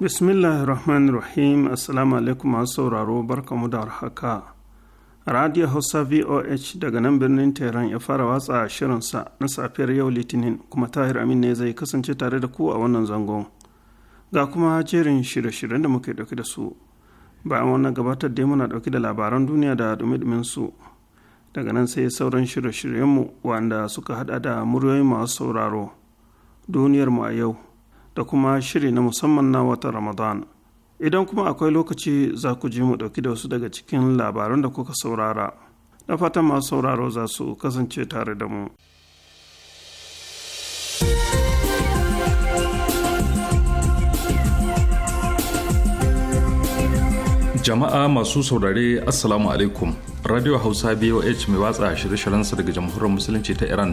bismillahir rahmanir rahim assalamu alaikum masu sauraro barkamu da haka radio hausa voh daga nan birnin tehran ya fara watsa shirinsa na safiyar yau litinin kuma tahir amin ne zai kasance tare da ku a wannan zangon ga kuma jerin shirye-shiryen da muke dauke da su bayan wannan gabatar da muna dauke da labaran duniya da dumi su daga nan sai sauran shirye-shiryenmu wanda suka hada da muryoyin masu sauraro duniyarmu a yau da kuma shiri na musamman na wata Ramadan. Idan kuma akwai lokaci za ku ji mu ɗauki da wasu daga cikin labaran da kuka saurara. na fatan masu sauraro za su kasance tare da mu. jama'a masu saurare assalamu alaikum radio hausa boh mai watsa shirye-shiryensa daga jamhuriyar musulunci ta iran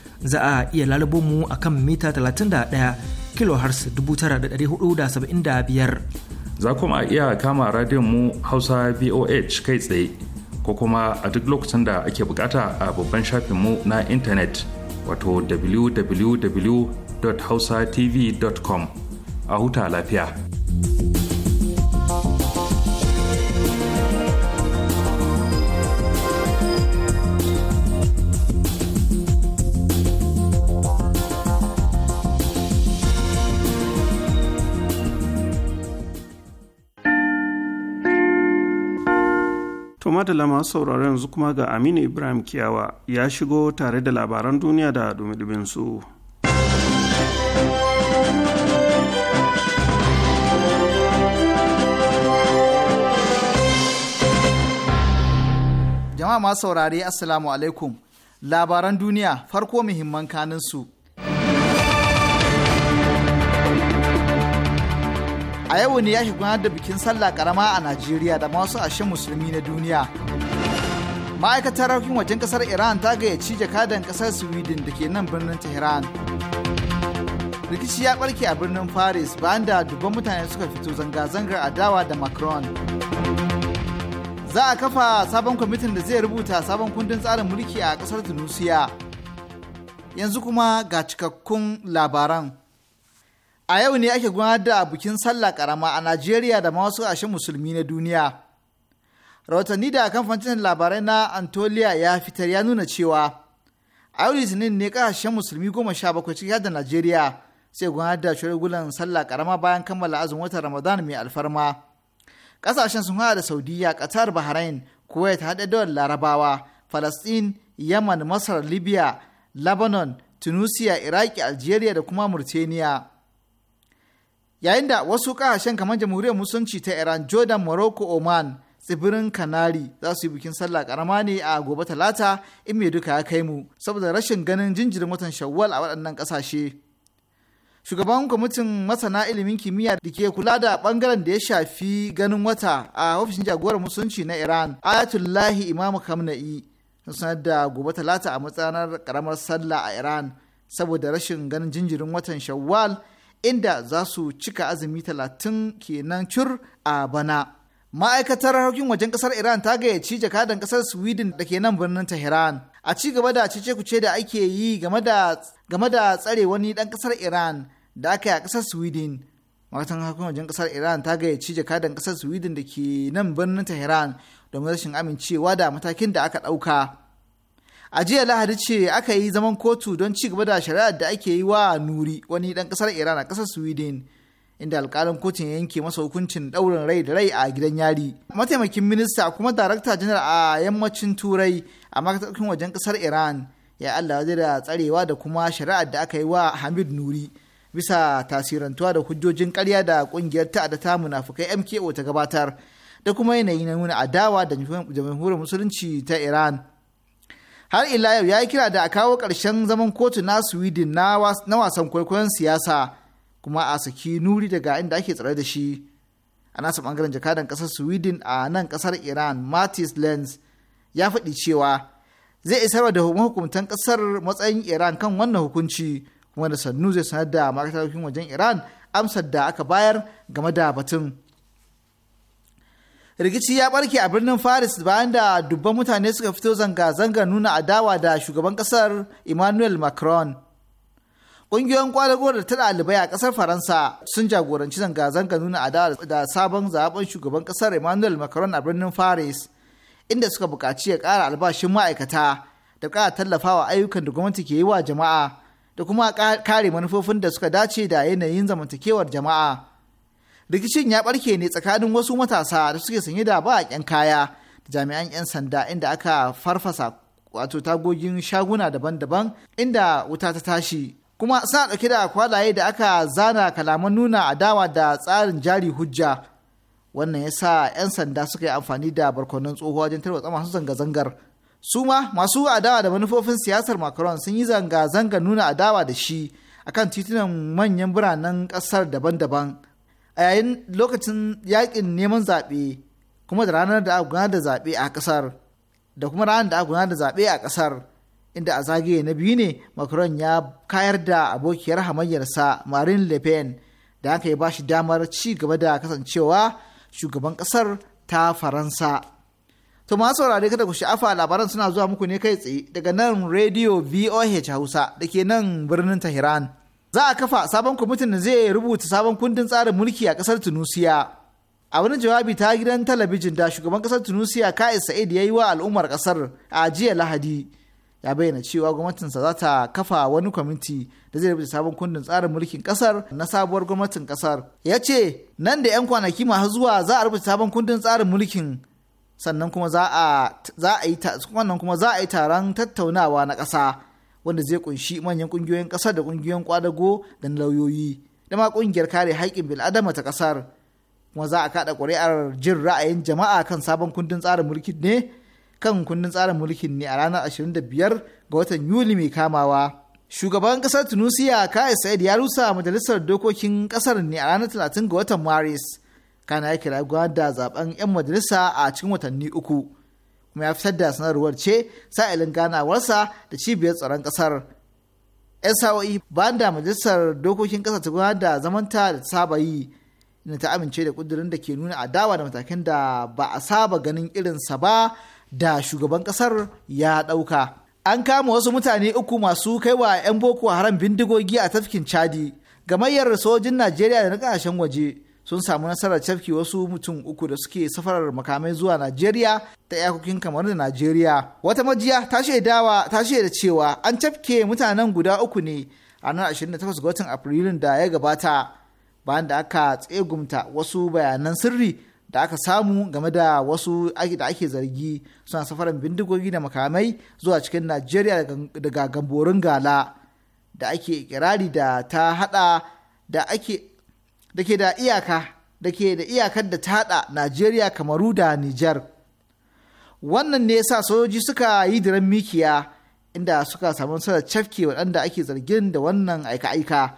za a iya lalubo mu a kan mita 31 kilohertz 9475 za kuma a iya kama radiyon mu hausa boh kai tsaye ko kuma a duk lokacin da ake bukata a babban mu na intanet wato www.hausatv.com a huta lafiya. kuma da masu sauraro yanzu kuma ga Aminu Ibrahim Kiyawa ya shigo tare da labaran duniya da dumi su. Jama'a masu saurari Assalamu alaikum. Labaran duniya farko muhimman kanin su. a yau ne ya gudanar da bikin sallah karama a najeriya da masu ashe musulmi na duniya ma'aikatar harkokin wajen kasar iran ta gayyaci jakadan kasar sweden da ke nan birnin tehran rikici ya barke a birnin paris bayan da dubban mutane suka fito zanga-zangar adawa da macron za a kafa sabon kwamitin da zai rubuta sabon kundin tsarin mulki a kasar tunisia yanzu kuma ga cikakkun labaran a yau ne ake gudanar da bikin sallah karama a Najeriya da ma wasu ƙasashen musulmi na duniya. Rahotanni da kamfanin labarai na Antolia ya fitar ya nuna cewa a yau Litinin ne kasashen musulmi goma sha bakwai cikin da Najeriya sai gudanar da shirgulan sallah karama bayan kammala azumin watan Ramadan mai alfarma. Ƙasashen sun haɗa da Saudiya, Qatar, Bahrain, Kuwait, haɗe da Larabawa, Falastin, Yaman, Masar, Libya, Lebanon, Tunisia, Iraki, Algeria da kuma Murtaniya. yayin da wasu kasashen kamar jamhuriyar musulunci ta iran jordan morocco oman tsibirin kanari za su yi bikin sallah karama ne a gobe talata in mai duka ya kai mu saboda rashin ganin jinjirin watan shawwal a waɗannan ƙasashe shugaban kwamitin masana ilimin kimiyya da ke kula da bangaren da ya shafi ganin wata a ofishin jagorar musulunci na iran ayatullahi imamu kamna'i sun sanar da gobe talata a matsanar karamar sallah a iran saboda rashin ganin jinjirin watan shawwal inda za su cika azumi talatin kenan cur a bana. Ma'aikatar harkokin wajen kasar Iran ta gayyaci jakadan kasar Sweden da ke nan birnin Tehran. A ci gaba da cece kuce da ake yi game da tsare wani dan kasar Iran da aka yi a kasar Sweden. Ma'aikatar harkokin wajen kasar Iran ta gayyaci jakadan kasar Sweden da ke nan birnin Tehran domin rashin amincewa da matakin da aka ɗauka. a jiya lahadi ce aka yi zaman kotu don ci gaba da shari'ar da ake yi wa nuri wani dan kasar iran a kasar sweden inda alkalin kotun ya yanke masa hukuncin daurin rai da rai a gidan yari mataimakin minista kuma darakta janar a yammacin turai a makatakin wajen kasar iran ya allah zai da tsarewa da kuma shari'ar da aka yi wa hamid nuri bisa tasirantuwa da hujjojin karya da kungiyar ta'adda ta munafukai mko ta gabatar da kuma yanayi na nuna adawa da jamhuriyar musulunci ta iran har ila yau ya yi kira da a kawo ƙarshen zaman kotu na sweden na wasan kwaikwayon siyasa kuma a saki nuri daga inda ake tsare da shi a nasa ɓangaren jakadan ƙasar sweden a nan ƙasar iran martis lenz ya faɗi cewa zai isa da mahukuntan ƙasar matsayin iran kan wannan hukunci kuma da sannu zai sanar da ma'aikatar wajen iran amsar da aka bayar game da batun rikici ya barke a birnin Paris bayan da dubban mutane suka fito zanga-zanga nuna adawa da shugaban kasar Emmanuel Macron. Ƙungiyoyin kwadagowar da ta ɗalibai a ƙasar Faransa sun jagoranci zanga-zanga nuna adawa da sabon zaben shugaban ƙasar Emmanuel Macron a birnin Paris, inda suka buƙaci ya ƙara albashin ma'aikata da ƙara tallafawa ayyukan da gwamnati ke yi wa jama'a da kuma kare manufofin da suka dace da yanayin zamantakewar jama'a. rikicin ya barke ne tsakanin wasu matasa da suke sanye da ba baƙen kaya da jami'an 'yan sanda inda aka farfasa wato tagogin shaguna daban-daban inda wuta ta tashi kuma suna ɗauke da kwalaye da aka zana kalaman nuna adawa da tsarin jari hujja wannan yasa 'yan sanda suka yi amfani da barkonnin tsohuwa wajen tarwatsa masu zanga-zangar su ma masu adawa da manufofin siyasar macron sun yi zanga-zangar nuna adawa da shi akan titunan manyan biranen ƙasar daban-daban a yayin lokacin yakin neman zaɓe kuma da ranar da aka da zaɓe a ƙasar da kuma ranar da aka da zaɓe a ƙasar inda a zagaye na biyu ne macron ya kayar da abokiyar hamayyarsa marine le pen da aka yi ba shi damar ci gaba da kasancewa shugaban ƙasar ta faransa to masu saurare kada ku sha'afa labaran suna zuwa muku ne kai tsaye daga nan radio voh hausa da ke nan birnin tehran za a kafa sabon kwamitin da zai rubuta sabon kundin tsarin mulki a kasar tunusiya a wani jawabi ta gidan talabijin da shugaban kasar tunusiya ka'is sa'id ya yi wa al'ummar kasar a jiya lahadi ya bayyana cewa gwamnatinsa za ta kafa wani kwamiti da zai rubuta sabon kundin tsarin mulkin kasar na sabuwar gwamnatin kasar ya ce nan da 'yan kwanaki masu zuwa za a rubuta sabon kundin tsarin mulkin sannan kuma za a yi taron tattaunawa na ƙasa. wanda zai kunshi manyan kungiyoyin ƙasa da kungiyoyin kwadago da lauyoyi da ma kungiyar kare haƙƙin bil'adama ta ƙasar kuma za a kaɗa ƙuri'ar jin ra'ayin jama'a kan sabon kundin tsarin mulkin ne kan kundin tsarin mulkin ne a ranar biyar ga watan yuli mai kamawa shugaban ƙasar tunisia kai said ya rusa majalisar dokokin ƙasar ne a ranar talatin ga watan maris kana ya kira da zaben 'yan majalisa a cikin watanni uku kuma ya fitar da sanarwar ce sa'ilin ganawarsa da cibiyar tsaron kasar yan sa'o'i ba da majalisar dokokin kasa ta gudanar da zamanta da saba yi na ta amince da kudurin da ke nuna adawa da matakan da ba a saba ganin irin sa ba da shugaban kasar ya ɗauka. An kama wasu mutane uku masu kaiwa 'yan boko haram bindigogi a tafkin Chadi, gamayyar sojin Najeriya da na kasashen waje sun samu nasarar cafki wasu mutum uku da suke safarar makamai zuwa Najeriya ta iyakokin kamar da Najeriya. Wata majiya ta shaidawa ta shaida cewa an cafke mutanen guda uku ne a ranar 28 ga watan Afrilun da ya gabata bayan da aka tsegumta wasu bayanan sirri da aka samu game da wasu da ake zargi suna safarar bindigogi da makamai zuwa cikin Najeriya daga gamborin gala da ake kirari da ta hada da ake da ke da iyaka da ke da iyakar da ta haɗa Najeriya, Kamaru da Nijar. Wannan ne yasa sojoji suka yi diran mikiya inda suka samu nasarar cafke waɗanda ake zargin da wannan aika-aika.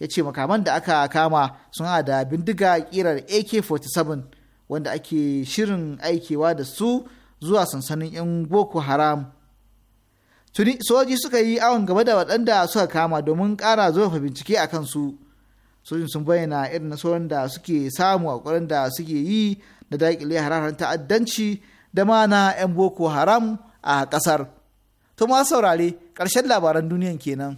Ya ce makaman da aka kama sun da bindiga ƙirar AK-47 wanda ake shirin aikewa da su zuwa sansanin 'yan Boko Haram. Tuni sojoji suka yi awon gaba da waɗanda suka kama domin ƙara zuwa bincike a kansu. sojin sun bayyana irin nasarorin da suke samu a kwarin da suke yi da daƙile hararar ta'addanci da ma na 'yan boko haram a ƙasar. To ma saurare ƙarshen labaran duniyan kenan.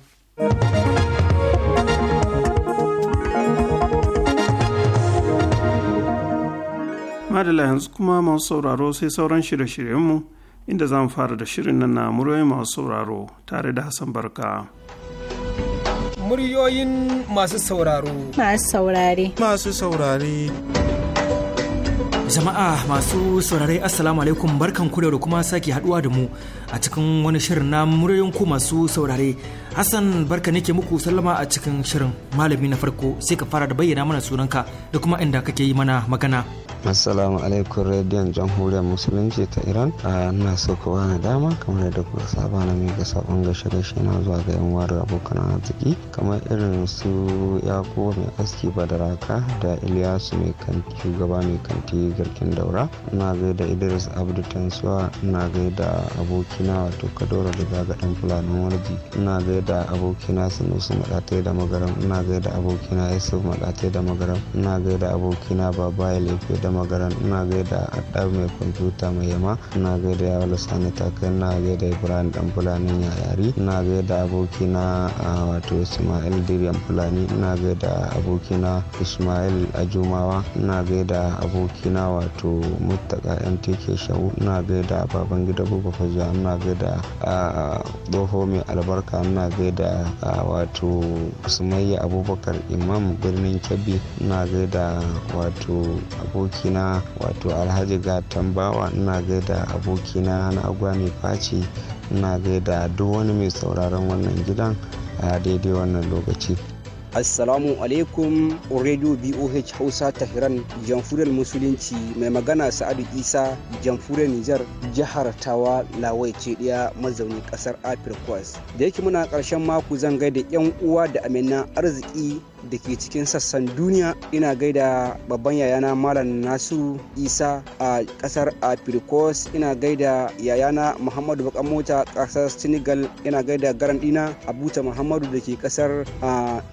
madala yanzu kuma masu sauraro sai sauran shirye-shiryenmu inda za mu fara da shirin nan na muryoyi masu sauraro tare da Hassan Barka. muryoyin masu sauraro. Masu saurare. Masu saurare. Jama'a masu saurare Assalamu alaikum barkan kure da kuma sake haduwa da mu a cikin wani shirin na muryoyin ku masu saurare. Hassan barka nake muku sallama a cikin shirin malami na farko sai ka fara da bayyana mana sunanka da kuma inda kake yi mana magana. Assalamu alaikum radiyon jamhuriyar musulunci ta Iran a ina so kowa na dama kamar yadda kuka saba na miƙa sabon gashe shi na zuwa ga yan da abokan arziki kamar irin su yako mai aski badaraka da Iliyasu mai kanti shugaba mai kanti garkin daura ina da Idris Abdu Tansuwa ina da abokina wato Kadoro da Gaga dan Fulani Warji ina gaida abokina sunusu maɗatai da magaram ina gaida abokina yusuf maɗatai da magaram ina gaida abokina baba ya lefe da magaram ina gaida adda mai kwamfuta mai yama ina gaida yawa sani takai ina gaida ibrahim dan ya yari ina gaida abokina wato ismail diriyan fulani ina gaida abokina ismail ajumawa ina gaida abokina wato muttaka mtk shawu ina gaida babangida bubba fajiya ina gaida tsoho mai albarka ina gaida ah, wato sumayya abubakar imam birnin kebbi ina gaida wato abokina wato alhaji gatambawa ina gaida abokina na agwa mai faci ina gaida duk wani mai sauraron wannan gidan a daidai wannan lokaci Assalamu alaikum Radio BOH Hausa Tahiran jamfuren Musulunci mai magana Sa'adu Isa Jamhuriyar Nijar jihar Tawa Lawai ce ɗaya mazauni ƙasar Afirkwas. Da yake muna ƙarshen mako zan gaida 'yan uwa da amina arziki da ke cikin sassan duniya ina gaida babban yayana malam nasiru isa a kasar afirkos ina gaida yayana muhammadu bakan mota kasar senegal ina gaida garan dina abuta muhammadu da ke kasar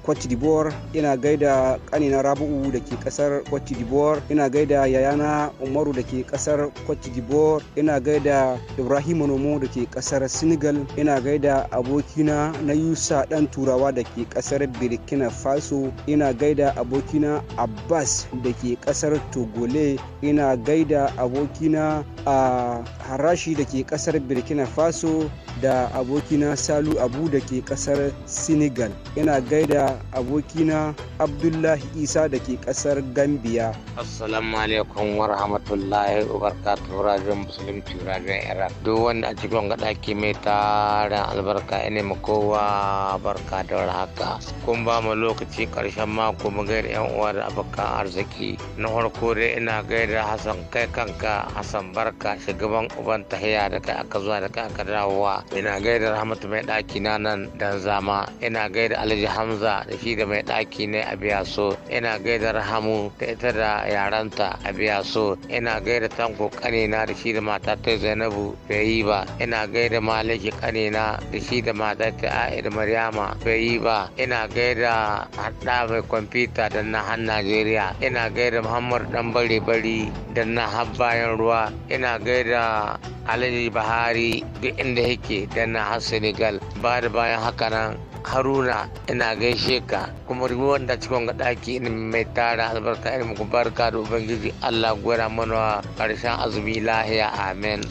cote d'ivoire ina gaida kanina rabu'u da ke kasar cote d'ivoire ina gaida yayana umaru da ke kasar cote d'ivoire ina gaida ibrahim nomo da ke kasar senegal ina gaida abokina na yusa dan turawa da ke kasar burkina faso ina gaida abokina Abbas da ke ƙasar Togole ina gaida abokina a Harashi da ke ƙasar Burkina Faso da abokina Salu Abu da ke ƙasar Senegal ina gaida abokina Abdullahi Isa da ke ƙasar Gambia. Assalamu alaikum wa rahmatullahi wa barakatuhu rajin musulunci rajin Iraq. Duk wanda a cikin ke mai tarin albarka ina kowa barka da haka. Kun ba mu lokaci karshen mako mu gaida yan uwa da abokan arziki na farko dai ina gaida hassan kai kanka hassan barka shugaban uban tahiya da kai aka zuwa da kai aka dawowa ina gaida rahmatu mai ɗaki na nan dan zama ina gaida alhaji hamza da shi da mai ɗaki ne a biya so ina gaida rahamu da ita da yaranta a biya so ina gaida tanko kanina da shi da mata ta zainabu bai yi ba ina gaida maliki kanina da shi da mata ta a'ida maryama bai yi ba ina gaida da mai kwamfuta da na han najeriya ina gaida muhammad ɗan bare bari da na har bayan ruwa ina gaida alhaji bahari duk inda yake da na har senegal ba da bayan haka nan haruna ina gaishe ka kuma wanda cikin ga daki ina mai tara albarka ina muku barka da ubangiji allah gwada mana karshen azumi lahiya amen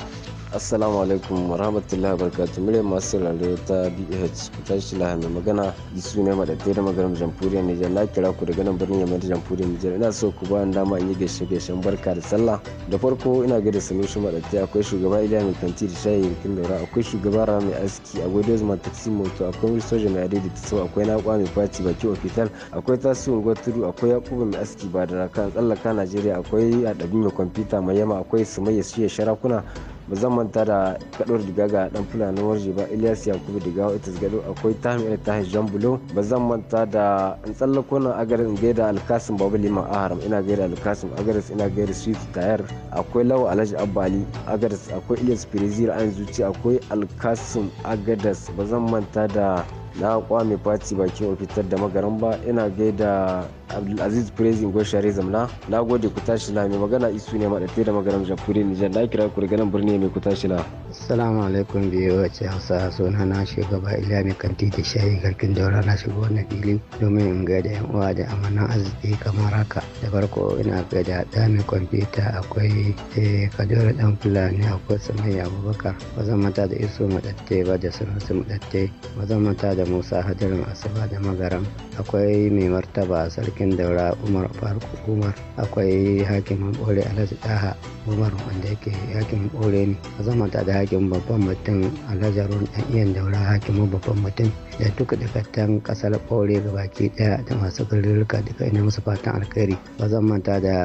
assalamu alaikum warahmatullahi wabarakatuh murya masu sauraro ta bih tashi laha mai magana su ne madadai da magaram jamhuriyar nijar na kira ku daga nan birnin yamma da jamhuriyar nijar ina so ku ba dama in yi gaishe gaishen barka da sallah da farko ina gaida solution madadai akwai shugaba iliya mai kanti da shayi yankin daura akwai shugaba mai aski akwai dozman taxi moto akwai soja mai adai da sau akwai nakwa mai faci baki ofital akwai tasu gwaturu tudu akwai yakubu mai aski ba da raka tsallaka najeriya akwai ɗabi mai kwamfuta mai yama akwai sumayya suya sharakuna ba zan manta da kaɗuwar diga ga dan fulani warje ba ilyas yakubu diga ita gado akwai tahim tahi tahir jan bulo ba zan manta da in tsallako agarin gaida alkasim babu liman aharam ina gaida alkasim agaris ina gaida swift tayar akwai lawa alhaji abbali agaris akwai ilias firizir an zuci akwai alkasim agadas ba zan manta da na kwame fati bakin ofitar da magaran ba ina gaida abdulaziz prezi gosha zamna na gode ku tashi la mai magana isu ne ma da maganar jamhuriyar nijar na kira ku daga nan birni mai ku tashi la. assalamu alaikum biyu wace hausa suna na shugaba ila mai kanti da shayi garkin daura na shigo wannan fili domin in ga da yan uwa da amana arziki kamar haka da farko ina ga da mai kwamfuta akwai eh, kadoro dan fulani akwai samai abubakar wajen mata da isu maɗaɗe ba da sunusu maɗaɗe bazan mata da musa hadarin asuba da magaram akwai mai martaba sarki sarkin daura umar farko umar akwai hakimin ɓore alhaji ɗaha umar wanda yake hakimin ɓore ne a zamanta da hakin babban mutum alhaji harun ɗan iyan daura hakimin babban mutum da duka kasar ƙasar ɓore baki ɗaya da masu garurruka duka ina musu fatan alkhairi ba zan manta da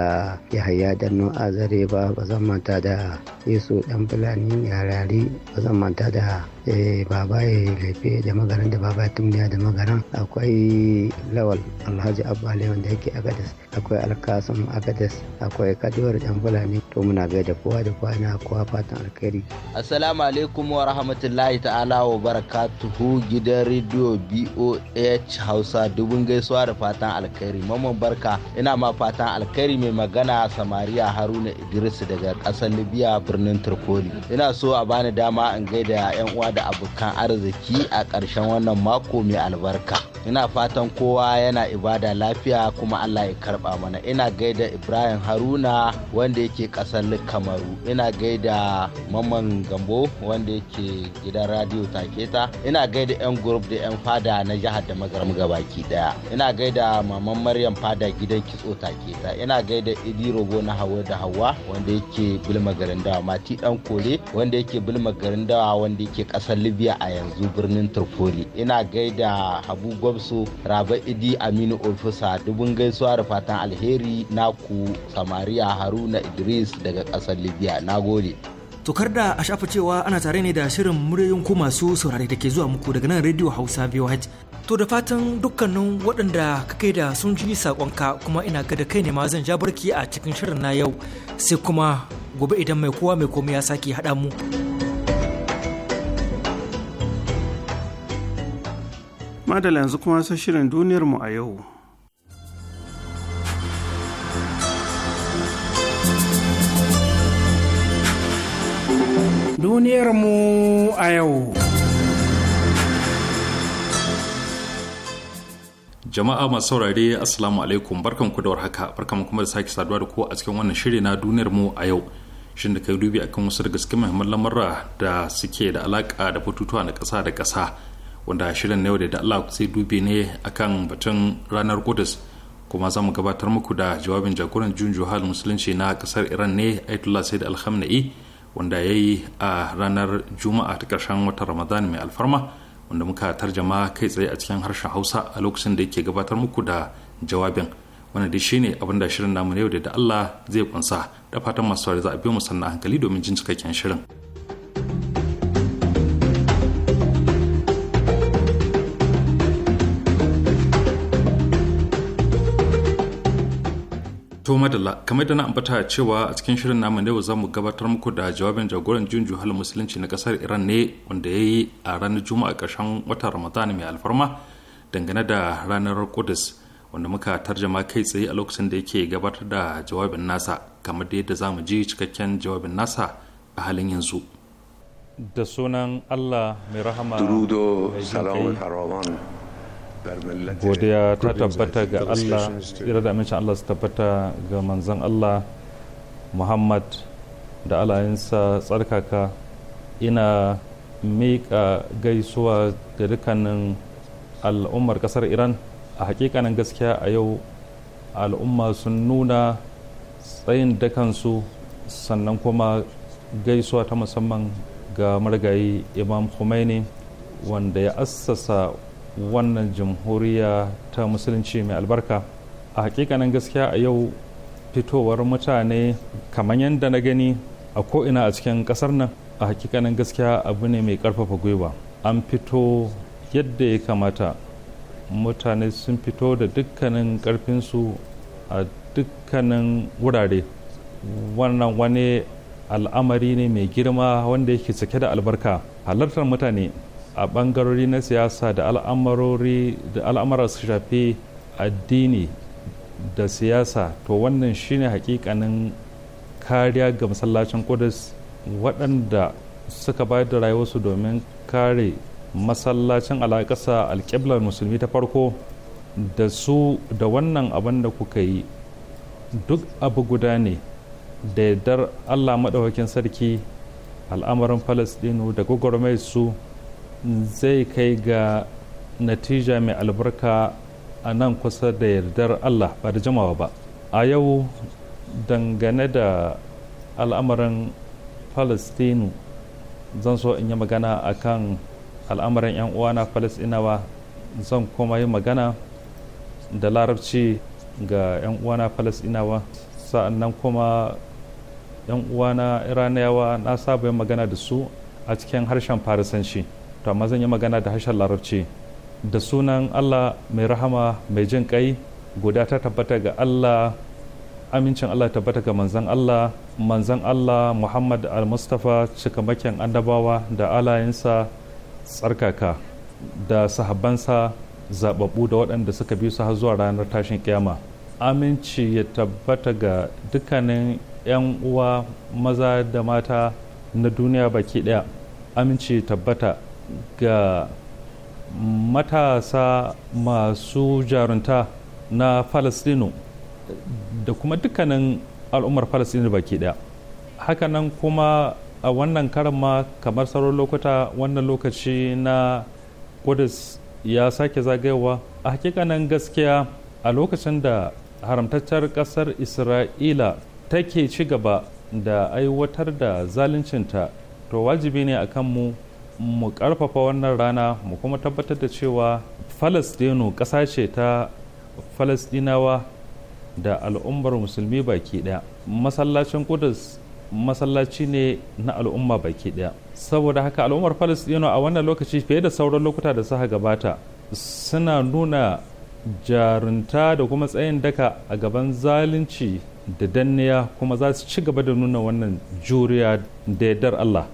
yahaya danno azare ba ba zan manta da yesu ɗan fulani yarari ba zan manta da Eh, baba ya laife da magaran da baba tumniya da magaran akwai lawal alhaji abbali wanda yake agadas akwai alkasim agadas akwai kaduwar dan fulani to muna gaida da kowa da kowa kowa fatan alkhairi assalamu alaikum wa rahmatullahi ta'ala wa barakatuhu gidan rediyo boh hausa dubun gaisuwa da fatan alkhairi mamman barka ina ma fatan alkhairi mai magana samariya haruna idris daga kasar libya birnin turkoli ina so a bani dama in gaida yan uwa da abokan arziki a ƙarshen wannan mako mai albarka. ina fatan kowa yana ibada lafiya kuma allah ya karba mana ina gaida ibrahim haruna wanda yake kasar kamaru ina gaida maman gambo wanda yake gidan radio taketa ina gaida yan group da yan fada na jihar da magaram gabaki daya ina gaida maman maryam fada gidan kitso taketa ina gaida idi rogo na hawa da hawa wanda yake bilma garin dawa mati dan kore wanda yake bilma garin dawa wanda yake kasar libya a yanzu birnin tripoli ina gaida habu kwakwabsu raba idi aminu ofisa dubun gaisuwa da fatan alheri naku samariya haruna idris daga kasar libya na gode tokar da a shafa cewa ana tare ne da shirin muryoyin ku masu saurare da ke zuwa muku daga nan rediyo hausa VOH. To da fatan dukkanin waɗanda kake da sun ji saƙonka kuma ina ga da kai ne ma zan ja barki a cikin shirin na yau sai kuma gobe idan mai kowa mai komai ya sake haɗa mu. madala yanzu kuma sai shirin duniyarmu a yau duniyar mu a yau jama'a masu saurare assalamu alaikum barkan ku da warhaka barkan kuma da sake saduwa da ku a cikin wannan shiri na duniyar mu a yau shin da kai dubi akan wasu daga cikin muhimman lamarra da suke da alaka da batutuwa na ƙasa da ƙasa wanda shirin yau da Allah sai dube ne akan batun ranar Qudus kuma za mu gabatar muku da jawabin jagoran jun juhal musulunci na kasar Iran ne Ayatollah Said Al-Khamenei wanda ya yi a ranar Juma'a ta karshen watan Ramadan mai alfarma wanda muka tarjama kai tsaye a cikin harshen Hausa a lokacin da yake gabatar muku da jawabin wannan dai shine abin da shirin namu na yau da Allah zai kunsa da fatan masu za a biyo mu sannan hankali domin jin cikakken shirin. To madalla kamar da na ambata cewa a cikin shirin namu yau za mu gabatar muku da jawabin jagoran jin juhalin musulunci na kasar Iran ne wanda ya yi a ranar Juma'a ƙarshen watan Ramadan mai alfarma dangane da ranar Qudus wanda muka tarjama kai tsaye a lokacin da yake gabatar da jawabin nasa kamar da yadda za mu ji cikakken jawabin nasa a halin yanzu. Da sunan Allah mai rahama. godiya ta tabbata ga allah tsira da amincin allah su tabbata ga manzan allah muhammad da alayensa tsarkaka ina miƙa gaisuwa ga dukkanin al'ummar ƙasar iran a hakikanin gaskiya a yau al'umma sun nuna tsayin dakansu sannan kuma gaisuwa ta musamman ga marigayi imam khomeini wanda ya assasa wannan jamhuriya ta musulunci mai albarka a hakikanin gaskiya a yau fitowar mutane kamar yadda na gani a ko'ina a cikin kasar nan a hakikanin gaskiya abu ne mai karfafa gwiwa an fito yadda ya kamata mutane sun fito da dukkanin karfinsu a dukkanin wurare wannan wani al'amari ne mai girma wanda yake cike da albarka halartar mutane a bangarori na siyasa da al'amarori da al'amara su shafi addini da siyasa to wannan shine hakikanin kariya ga masallacin kudus waɗanda suka bayar da rayuwarsu domin kare masallacin alaƙasa alƙiblar musulmi ta farko da su da wannan abin da kuka yi duk abu guda ne da yardar allah maɗaukakin sarki al'amarin falasɗinu da gwagwarmai su zai kai ga natija mai albarka a nan kusa da yardar allah ba da jimawa ba a yau dangane da al'amarin palestinu zan so in yi magana a kan al'amarin 'yan uwana palestinawa zan kuma yi magana da larabci ga 'yan uwana palestinawa sa'annan kuma 'yan uwana iraniyawa na saba magana da su a cikin harshen farisanci. to amma zan yi magana da harshen larabci da sunan allah mai rahama mai jin kai guda ta tabbata ga allah amincin allah tabbata ga manzan allah manzan allah muhammad al-mustapha cikamakin annabawa da alayensa tsarkaka da sahabbansa zababbu da waɗanda suka bi su har zuwa ranar tashin kyama aminci ya tabbata ga dukkanin 'yan uwa maza da mata na duniya baki ɗaya aminci ya tabbata ga matasa masu jarunta na falasdino da kuma dukkanin al'ummar falastinu baki daya hakanan kuma a wannan karan ma kamar sauran lokuta wannan lokaci na kudus ya sake zagayewa a hakikanin gaskiya a lokacin da haramtaccen kasar isra'ila take ci gaba da aiwatar da zaluncinta to wajibi ne a kanmu mu karfafa wannan rana mu kuma tabbatar da cewa falasɗinu ƙasa ce ta falasɗinawa da al'ummar musulmi baki ɗaya masallacin kudus masallaci ne na al'umma baki ɗaya saboda haka al'ummar falastinu a wannan lokaci fiye da sauran lokuta da suka gabata suna nuna jarunta da kuma tsayin daka a gaban zalunci da danniya kuma za su ci gaba da nuna wannan juriya da yardar allah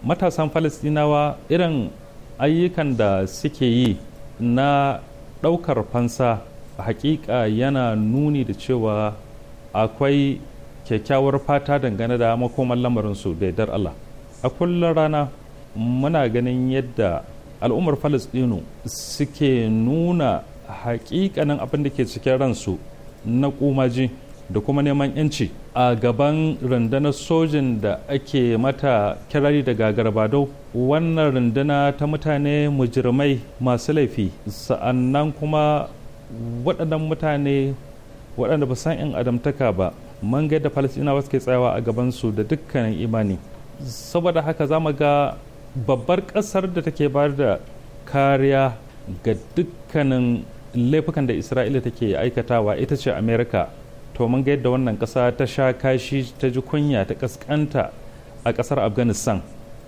matasan falasɗinawa irin ayyukan da suke yi na ɗaukar fansa hakika yana nuni da cewa akwai kyakkyawar fata dangane da makoman lamarinsu da yardar Allah a kullum rana muna ganin yadda al'ummar falasɗinu suke nuna hakikanin abin da ke cikin ransu na kumaji da kuma neman yanci a gaban rundunar sojin da ake mata kirari daga garbado wannan runduna ta mutane mujirmai masu laifi sa'annan kuma waɗannan mutane waɗanda ba san 'yan adamtaka ba man ga da falasɗinawa suke tsayawa a gabansu da dukkanin imani saboda haka za mu ga babbar ƙasar da take bayar da kariya ga dukkanin laifukan da isra'ila take aikatawa ita ce amerika to mun ga yadda wannan ƙasa ta sha kashi ta ji kunya ta ƙasƙanta a ƙasar afghanistan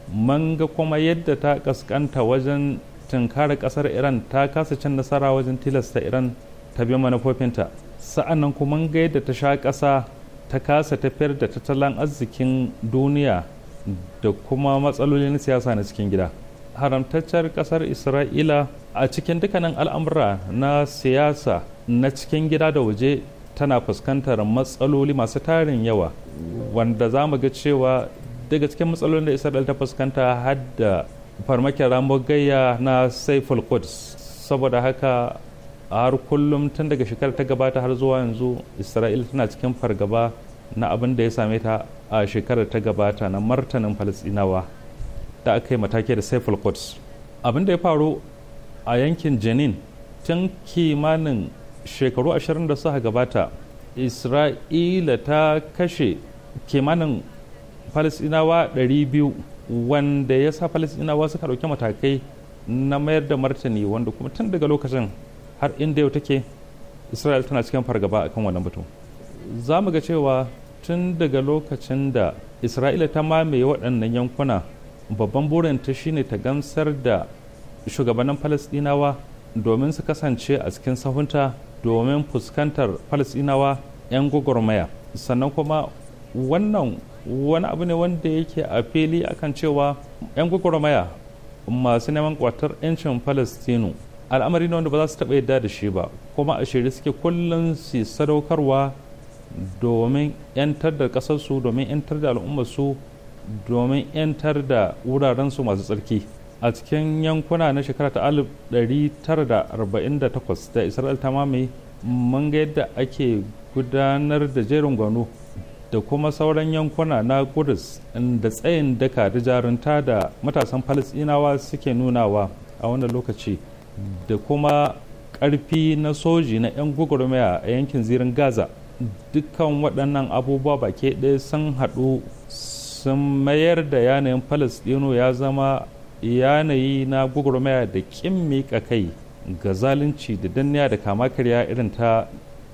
mun ga kuma yadda ta ƙasƙanta wajen tunkarar kasar iran ta kasa cin nasara wajen tilasta iran ta bi manufofinta sa'an nan kuma mun ga yadda ta sha kasa ta kasa tafiyar da tattalin arzikin duniya da kuma matsalolin siyasa na cikin gida haramtaccen kasar isra'ila a cikin dukkanin al'amura na siyasa na cikin gida da waje tana fuskantar matsaloli masu tarin yawa wanda za mu ga cewa daga cikin matsalolin da isra'il ta fuskanta har da farmakin gayya na saiful quds saboda haka har kullum tun daga shekarar ta gabata har zuwa yanzu isra'il tana cikin fargaba na abin da ya same ta a shekarar ta gabata na martanin falastinawa da aka yi mataki da saiful quds abin da ya faru a yankin jenin tun kimanin shekaru ashirin da suka gabata isra'ila ta kashe kimanin falisinawa 200 wanda ya sa falisinawa suka ɗauki matakai na mayar da martani wanda kuma tun daga lokacin har inda yau take isra'ila tana cikin fargaba akan wannan batun za mu ga cewa tun daga lokacin da isra'ila ta mamaye waɗannan yankuna babban burinta shine ta gamsar da shugabannin falasɗinawa domin su kasance a cikin sahunta domin fuskantar falasinawa 'yan gwagwarmaya sannan kuma wannan wani abu ne wanda yake a fili akan cewa 'yan gwagwarmaya masu neman kwatar 'yancin falastinu al'amari ne wanda ba za su taɓa yadda da shi ba kuma a shirye suke kullum su sadaukarwa domin 'yantar da ƙasarsu domin 'yantar da al'ummarsu domin 'yantar da wurarensu masu tsarki a cikin yankuna na shekara ta 1948 da isra'il ta mamaye mun ga yadda ake gudanar da jerin gwano da kuma sauran yankuna na kudus da tsayin daka da jarunta da matasan falasinawa suke nunawa a wannan lokaci da kuma karfi na soji na 'yan gwagwarmaya a yankin zirin gaza dukkan waɗannan abubuwa baki ɗaya sun haɗu sun mayar da yanayin falasɗino ya zama yanayi na gugurmaya da ƙin miƙa kai ga zalunci da danniya da kama karya irin ta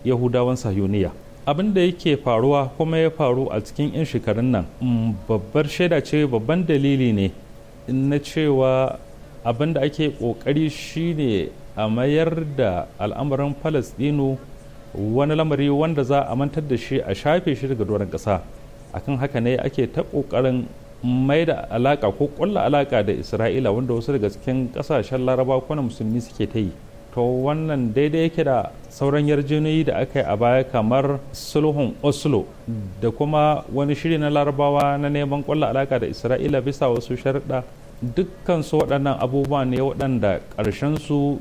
yahudawan sahiyoniya abin da yake faruwa kuma ya faru a cikin 'yan shekarun nan mm, babbar shaida ce babban dalili ne na cewa abin da ake ƙoƙari shine a mayar da al'amarin palestino wani lamari wanda za a mantar da shi a shafe shi daga doron ƙasa akan haka ne ake ta ƙoƙarin mai da alaka ko kulla alaka da isra'ila wanda wasu daga cikin kasashen laraba ko na musulmi suke ta yi to wannan daidai yake da sauran yarjejeniyoyi da aka yi a baya kamar sulhun oslo da kuma wani shiri na larabawa na neman kwallo alaka da isra'ila bisa wasu sharuɗa dukkan su waɗannan abubuwa ne waɗanda ƙarshen su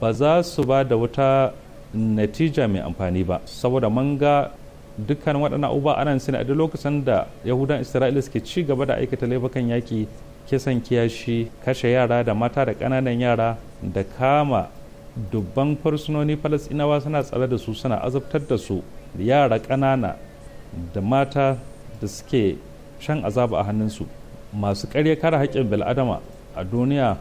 ba za su ba da wata natija mai amfani ba saboda manga dukkan waɗannan abubuwa ana suna a duk lokacin da yahudan isra'ila suke ci gaba da aikata laifukan yaƙi kisan kiyashi kashe yara da mata da ƙananan yara da kama dubban fursunoni falasɗinawa suna tsare da su suna azabtar da su yara ƙanana da mata da suke shan azaba a hannunsu masu karya kare haƙƙin bil'adama a duniya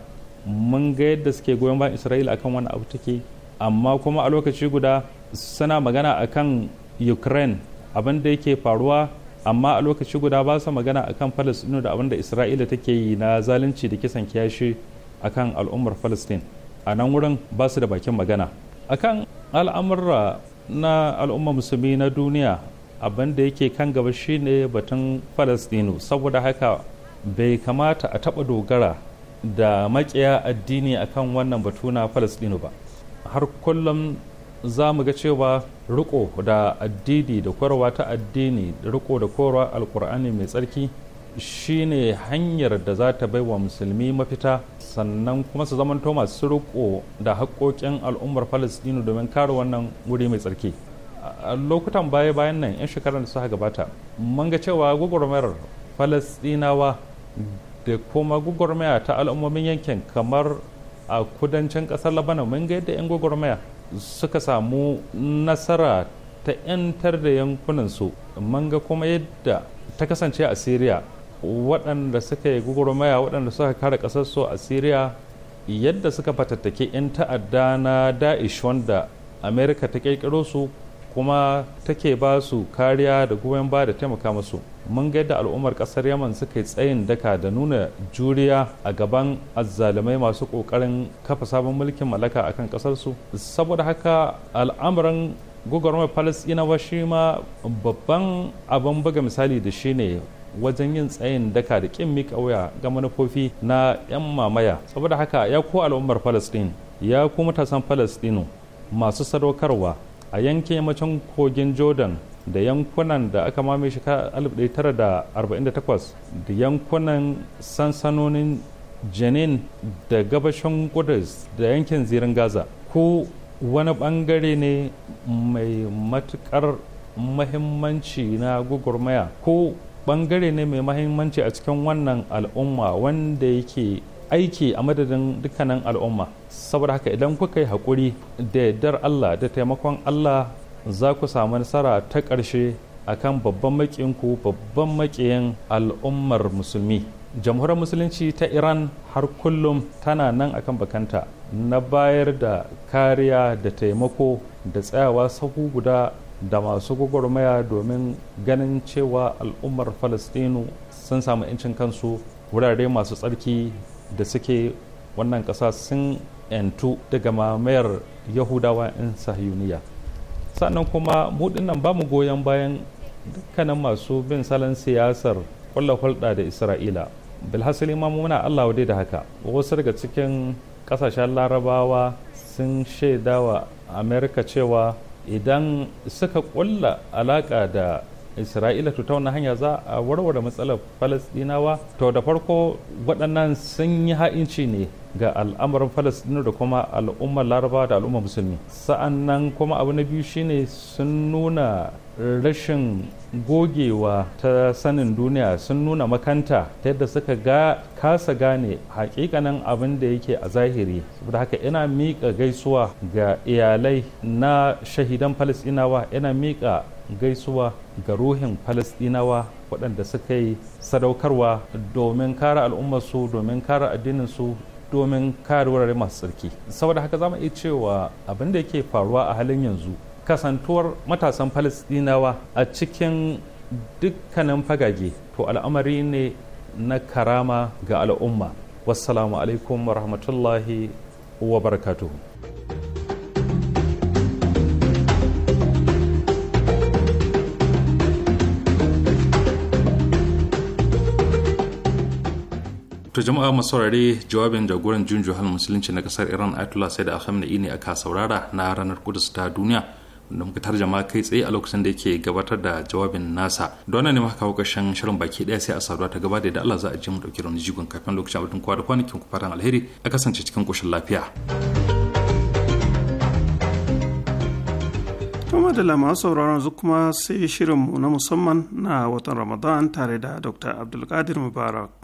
mun ga yadda suke goyon bayan isra'ila akan wani abu take amma kuma a lokaci guda suna magana akan ukraine abin da yake faruwa amma a lokaci guda ba sa magana akan falastinu da abin da isra'ila take yi na zalunci da kisan kiyashi akan al'ummar palestine a nan wurin ba su da bakin magana akan al'amurra na al'ummar musulmi na duniya abin da yake kan gaba shine batun palestino saboda haka bai kamata a taba dogara da makiya addini akan wannan batu na palestino ba har kullum za mu ga cewa riko da addini da korowa ta addini riko da korowa alkur'ani mai tsarki shine hanyar da za ta bai wa musulmi mafita sannan kuma su zamanto masu riko da haƙoƙin al'ummar falastinu domin kare wannan wuri mai tsarki a lokutan baya bayan nan 'yan shekarar da suka gabata mun ga cewa gwagwarmayar falastinawa da kuma gwagwarmaya ta al'ummomin yankin kamar a kudancin ƙasar labanan mun ga yadda 'yan gwagwarmaya suka samu nasara ta 'yantar da yankunansu manga kuma yadda ta kasance a syria waɗanda suka yi gugurmaya waɗanda suka kare ƙasarsu a syria yadda suka fatattake 'yan ta'adda na da'ish wanda amerika ta ƙirƙiro su kuma take ba su kariya da goyon ba da taimaka musu mun ga yadda al'ummar kasar yaman suka yi tsayin daka da nuna juriya a gaban azzalumai masu kokarin kafa sabon mulkin mallaka akan kasarsu saboda haka al'amuran gwagwarmar palestinawa shi ma babban abin buga misali da shi ne wajen yin tsayin daka da kin mikawaya ga manufofi na 'yan mamaya saboda haka ya ko al'ummar palestine ya ko matasan palestino masu sadaukarwa a yankin yammacin kogin jordan da yankunan da aka mame shi 1948 da yankunan sansanonin janin da gabashin kudus da yankin zirin gaza ko wani bangare ne mai matukar mahimmanci na gugurmaya ko bangare ne mai mahimmanci a cikin wannan al'umma wanda yake aiki a madadin dukkanin al'umma saboda haka idan kuka yi haƙuri da yardar allah da taimakon allah za ku samu nasara ta ƙarshe a kan babban maƙinku babban maƙiyin al'ummar musulmi jamhuriyar musulunci ta iran har kullum tana nan akan bakanta na bayar da kariya da taimako da tsayawa sahu guda da masu gwagwarmaya domin ganin cewa al'ummar falastinu sun samu 'yancin kansu wurare masu tsarki da suke wannan ƙasa sun 'yantu daga mamayar yahudawa in sahiyuniya sannan kuma mu dinnan ba mu goyon bayan dukkanin masu bin salon siyasar kulla hulɗa da isra'ila bilhassali ma muna allah wadai da haka wasu daga cikin kasashen larabawa sun shaidawa amerika cewa idan suka kulla alaka da isra'ila ta hanya za a warware matsalar falasdinawa to da farko waɗannan sun yi ha'inci ne ga al'amarin falastinu da kuma al'ummar laraba da al'ummar musulmi sa'an nan kuma abu na biyu shine sun nuna rashin gogewa ta sanin duniya sun nuna makanta ta yadda suka ga kasa gane hakikanin abin da yake a zahiri saboda haka ina miƙa gaisuwa ga iyalai na shahidan falasɗinawa ina miƙa gaisuwa ga ruhin falasdinawa waɗanda suka yi sadaukarwa domin kare al'ummarsu domin kare addininsu domin kare wurare masu tsarki saboda haka za mu iya cewa abin da yake faruwa a halin yanzu kasantuwar matasan falasdinawa a cikin dukkanin fagage to al'amari ne na karama ga al'umma wassalamu alaikum wa rahmatullahi wa barakatuhu to jama'a masu saurare jawabin jagoran junju hal musulunci na kasar iran ayatollah sai da khamenei ne aka saurara na ranar kudus ta duniya da muka tarjama kai tsaye a lokacin da yake gabatar da jawabin nasa don ne muka kawo ƙarshen shirin baki ɗaya sai a saduwa ta gaba da yadda Allah za a ji mu ɗauki rauni jigon kafin lokacin abin kwa da kwanakin ku fatan alheri a kasance cikin ƙoshin lafiya. kuma da masu sauraron zu kuma sai shirin mu na musamman na watan Ramadan tare da Dr. Abdulkadir Mubarak.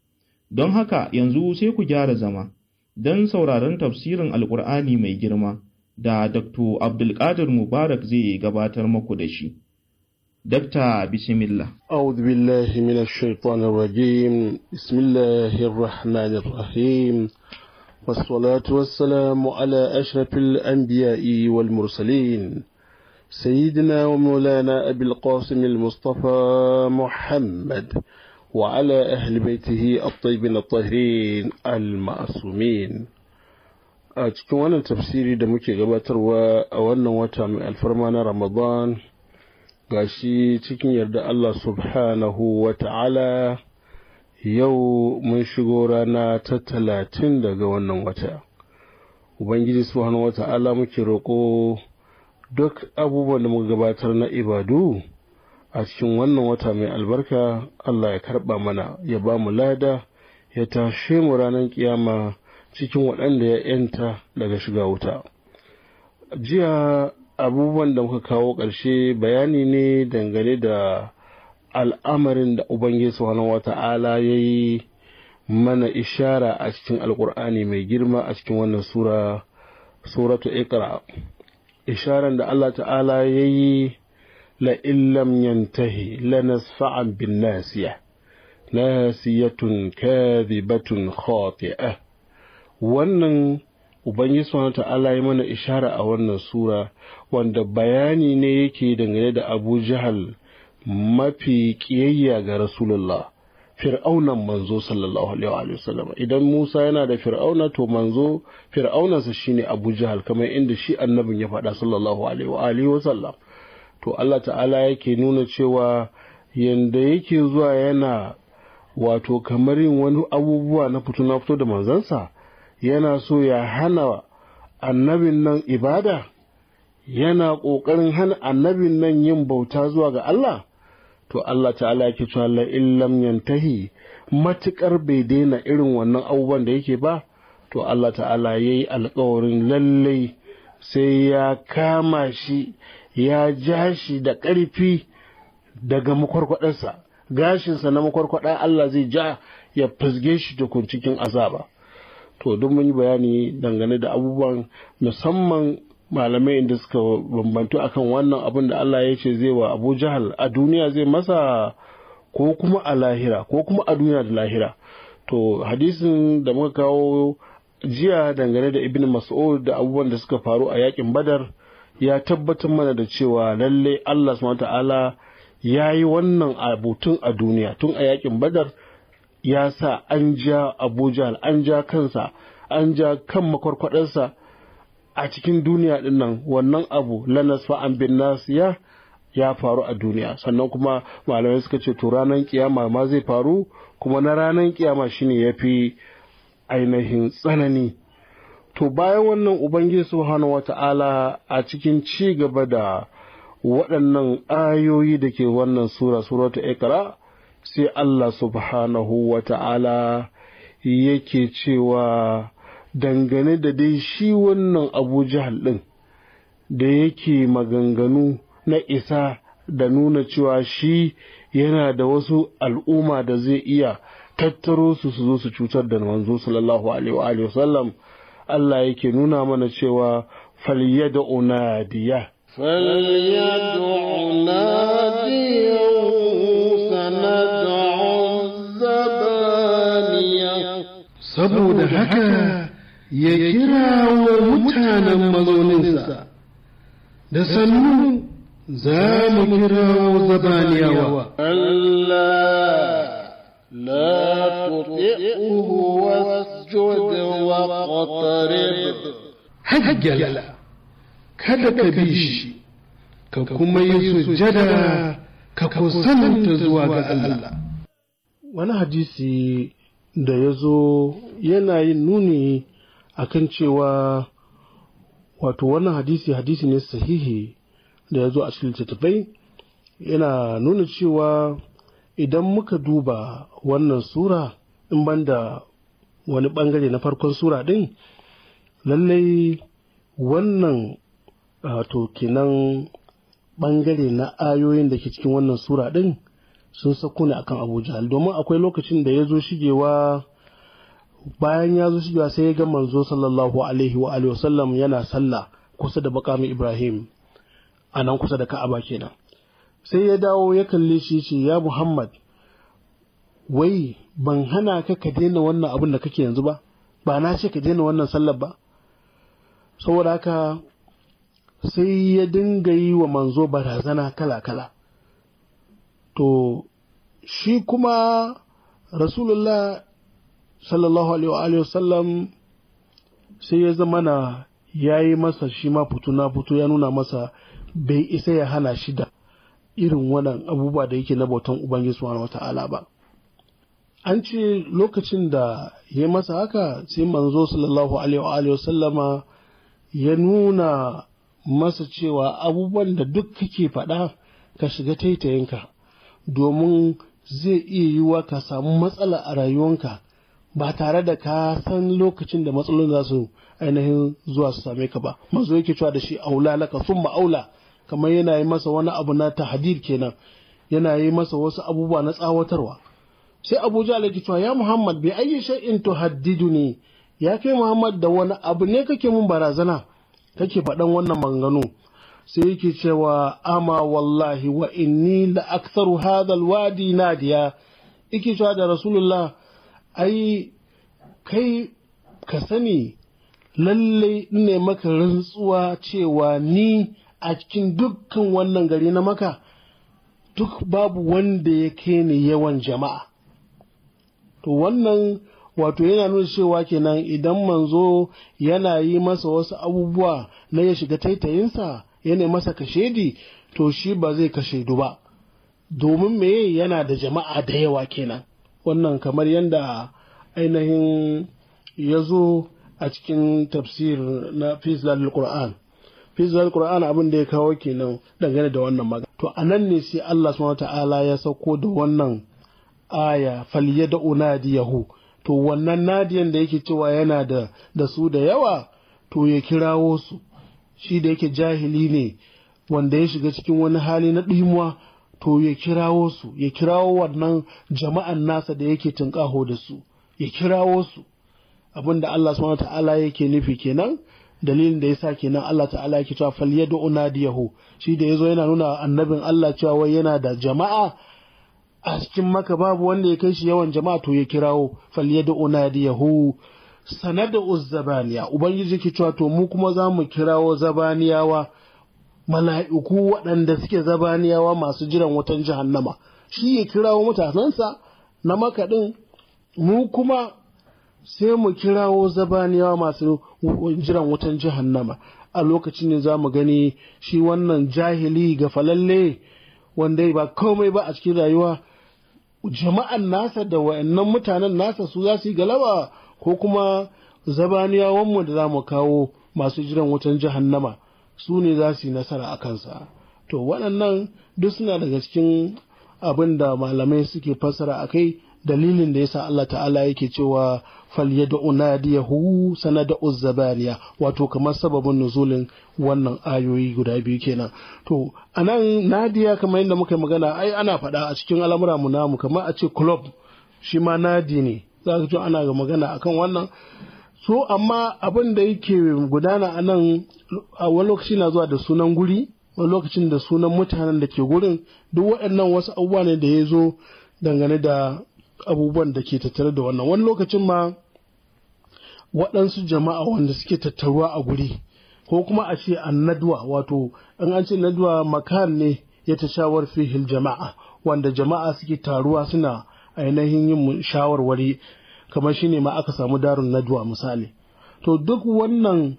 don haka yanzu sai ku gyara zama don sauraron tafsirin alkur'ani mai girma da dr abdulkadir mubarak zai gabatar maku da shi dr bismillah a'udhu billahi minash shaitanir rajim bismillahir rahmanir rahim والصلاة والسلام على أشرف الأنبياء والمرسلين سيدنا ومولانا أبي القاسم المصطفى محمد وعلى أهل بيته الطيبين الطاهرين المعصومين a cikin wannan tafsiri da muke gabatarwa a wannan wata mai alfarma na ramadan gashi cikin yarda Allah subhanahu wa ta'ala yau mun shigo rana ta talatin daga wannan wata ubangiji subhanahu wa ta'ala muke roƙo duk abubuwan da muka gabatar na ibadu a cikin wannan wata mai albarka Allah ya karɓa mana ya ba mu lada ya tashe mu ranar kiyama cikin waɗanda ya yanta daga shiga wuta jiya abubuwan da muka kawo ƙarshe bayani ne dangane da al'amarin da ubangiji subhanahu ala ya yi mana ishara a cikin Alƙur'ani mai girma a cikin wannan sura suratu iqra isharan da Allah ta'ala ya yi لئن لم ينتهي لنسفعا بالناسية ناسية كاذبة خاطئة wannan Ubangiji subhanahu ta'ala yi mana ishara a wannan sura wanda bayani ne yake dangane da Abu Jahal mafi kiyayya ga Rasulullah fir'aunan manzo sallallahu alaihi wa sallam idan Musa yana da fir'auna to manzo fir'aunansa shine Abu Jahal kamar inda shi annabin ya faɗa sallallahu alaihi wa sallam to Allah ta'ala yake nuna cewa yanda yake zuwa yana wato kamar yin wani abubuwa na fito na fito da manzansa yana so ya hana annabin nan ibada yana ƙoƙarin hana annabin nan yin bauta zuwa ga Allah to Allah ta'ala yake cewa la illam yantahi matukar bai daina irin wannan abubuwan da yake ba to Allah ta'ala yayi alƙawarin lallai sai ya kama shi ya ja shi da ƙarfi daga makwarkwadarsa gashinsa na makwarkwada Allah zai ja ya fasge shi tukun cikin azaba to duk mun yi bayani dangane da abubuwan musamman malamai inda suka bambantu akan wannan abin da Allah ya ce zai wa Abu Jahal a duniya zai masa ko kuma a lahira ko kuma a duniya da lahira to hadisin da muka kawo jiya dangane da Ibn Mas'ud da abubuwan da suka faru a yakin Badar ya tabbatar mana da cewa lallai Allah subhanahu ta'ala ya yi wannan abu tun a duniya tun a yakin badar ya sa an ja abuja an ja kansa an ja kan makwarkwadarsa a cikin duniya din wannan abu lanas fa an bin nasiya ya faru a duniya sannan kuma malamai suka ce to ranar kiyama ma zai faru kuma na ranar kiyama shine ya fi ainihin tsanani to bayan wannan ubangiji subhanahu wa ta'ala a cikin ci gaba da waɗannan ayoyi da ke wannan sura suratu ikra sai Allah subhanahu wa ta’ala yake cewa dangane da dai shi wannan abu jihar ɗin da yake maganganu na isa da nuna cewa shi yana da wasu al'umma da zai iya tattaro su su zo su cutar da manzo sallallahu alaihi wa sallam Allah yake nuna mana cewa falyada unadiya falyada unadiya saboda haka ya kira wa mutanen mazauninsa da sannu za mu kira wa zabaniyawa Allah لا تطئه واسجد واقترب هجل kada ka bi shi ka kuma yi وانا ka Allah wani hadisi da ya zo yana yin nuni kan cewa wato wannan hadisi hadisi ne sahihi da ya zo a cikin littattafai yana nuna cewa idan muka duba wannan sura in banda wani bangare na farkon sura din lallai wannan wato ah, kenan bangare na ayoyin da ke cikin wannan sura din sun sako ne akan abu jahal domin akwai lokacin da ya zo shigewa bayan ya zo shigewa sai ya ga manzo sallallahu alaihi wa alihi wasallam yana sallah kusa da bakamin ibrahim a nan kusa da ka'aba kenan sai ya dawo ya kalle shi ce ya muhammad wai ban hana ka ka daina wannan abin da kake yanzu ba ba na ce ka daina wannan sallar ba saboda haka sai ya dinga yi wa manzo barazana kala-kala to shi kuma rasulullah sallallahu alaihi wasallam sai ya zama na ya yi masa shi ma fito na fito ya nuna masa bai isa ya hana shi da irin wannan abubuwa da yake na bautan ubangiji subhanahu wata'ala ba an ce lokacin da ya masa haka sai manzo sallallahu alaihi wa sallama ya nuna masa cewa abubuwan da duk kake faɗa ka shiga taitayinka domin zai iya yiwuwa ka samu matsala a rayuwanka ba tare da ka san lokacin da matsalolin za su ainihin zuwa su same ka ba manzo yake cewa da shi aula laka summa aula kamar yana yi masa wani abu na tahadir kenan yana yi masa wasu abubuwa na tsawatarwa sai abu jahal ya muhammad bi ayyi shay'in tuhaddidu ne ya kai muhammad da wani abu ne kake mun barazana kake faɗan wannan manganu? sai yake cewa ama wallahi wa inni la aktharu hadha alwadi nadiya yake cewa da rasulullah ai kai ka sani lallai ne maka rantsuwa cewa ni a cikin dukkan wannan gari na maka duk babu wanda ya kai ni yawan jama'a to wannan wato yana nuna cewa kenan idan manzo yana yi masa wasu abubuwa na ya shiga taitayinsa yana masa kashedi to shi ba zai kashedu ba domin me yana da jama'a da yawa kenan wannan kamar yadda ainihin ya zo a cikin tafsir na fislalil qur'an fi zal qur'an abin da ya kawo kenan dangane da wannan magana to a nan ne sai Allah subhanahu ta'ala ya sauko da wannan aya falyada yahu to wannan nadiyan da yake cewa yana da da su da yawa to ya kirawo su shi da yake jahili ne wanda ya shiga cikin wani hali na ɗimuwa to ya kirawo su ya kirawo wannan jama'an nasa da yake tunƙaho da su ya kirawo su abin da Allah subhanahu ta'ala yake nufi kenan dalilin da ya sa kenan Allah ta'ala yake cewa yadu unadiyahu shi da yazo yana nuna annabin Allah cewa wai yana da jama'a a cikin maka babu wanda ya kai shi yawan jama'a to ya kirawo fal yadu unadiyahu sanar da uzzabaniya ubangiji ke cewa to mu kuma za mu kirawo zabaniyawa mala'iku waɗanda suke zabaniyawa masu jiran wutan jahannama shi ya kirawo mutanensa na makaɗin mu kuma sai mu kirawo zabaniyawa masu jiran wutan nama a lokacin ne za mu gani shi wannan jahili ga falalle wanda ba komai ba a cikin rayuwa jama'an nasa da wa'annan mutanen nasa su za su yi galaba ko kuma zabaniyawanmu da za mu kawo masu jiran wutan jahannama su ne za su yi nasara a kansa to waɗannan duk suna daga cikin abin da malamai suke fasara a kai dalilin da yasa Allah ta'ala yake cewa falyad'u nadiyahu sanad'u zabaniya wato kamar sababin nuzulin wannan ayoyi guda biyu kenan to anan nadiya kamar yadda muka magana ai ana faɗa a cikin al'amura mu namu kamar a ce club shi ma nadi ne za ka ce ana ga magana akan wannan so amma abin da yake gudana anan nan a wani lokaci na zuwa da sunan guri wani lokacin da sunan mutanen da ke gurin duk waɗannan wasu abubuwa ne da ya zo dangane da abubuwan da ke tattare da wannan wani lokacin ma waɗansu jama'a wanda suke tattaruwa a guri ko kuma a ce annadwa wato in an ce nadwa makan ne ya ta shawar fihil jama'a wanda jama'a suke taruwa suna ainihin yin shawarwari kamar shine ma aka samu darin nadwa misali to duk wannan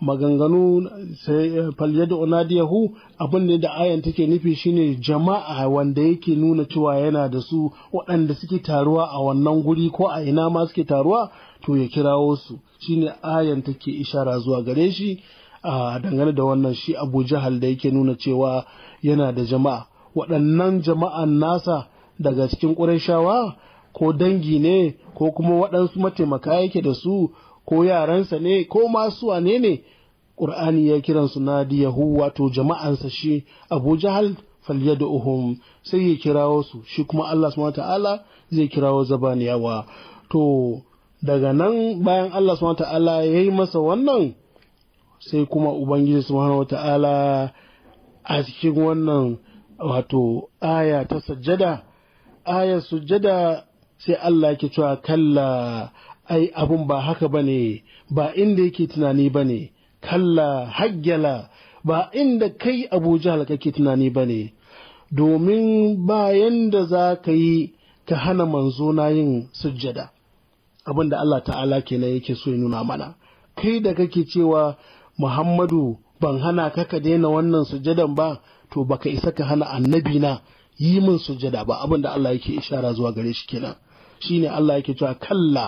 maganganu eh, falyadu onadiyahu abin ne da ayan take nufi shine jama'a wanda yake nuna cewa yana da su waɗanda suke taruwa a wannan guri ko a ina ma suke taruwa to ya kirawo su shine ayan take ishara zuwa gare shi a dangane da wannan shi abu jahal da yake nuna cewa yana da jama'a waɗannan jama'an nasa daga cikin ƙurashawa ko dangi ne ko kuma waɗansu mataimaka yake da su ko yaransa ne ko masu wane ne ƙur'ani ya kiransu yahu. wato jama'ansa shi abu jahal uhum sai ya kirawo su shi kuma Allah subhanahu ta'ala zai kirawo zabaniyawa to daga nan bayan Allah subhanahu ta'ala yi masa wannan sai kuma ubangiji subhanahu ta'ala a cikin wannan wato aya ta sajjada ayar sujjada sai Allah ke cewa kalla ai abun ba haka ba ne ba inda yake tunani ba ne kalla haggala ba inda kai abu jahal kake tunani ba ne domin bayan da za ka yi ka hana manzo na yin sujjada abin da Allah ta'ala kenan yake so ya nuna mana kai da kake cewa Muhammadu ban hana ka ka daina wannan sujjadan ba to baka isa ka hana annabi na yi min sujjada ba abin da Allah yake ishara zuwa gare shi kenan shine Allah yake cewa kalla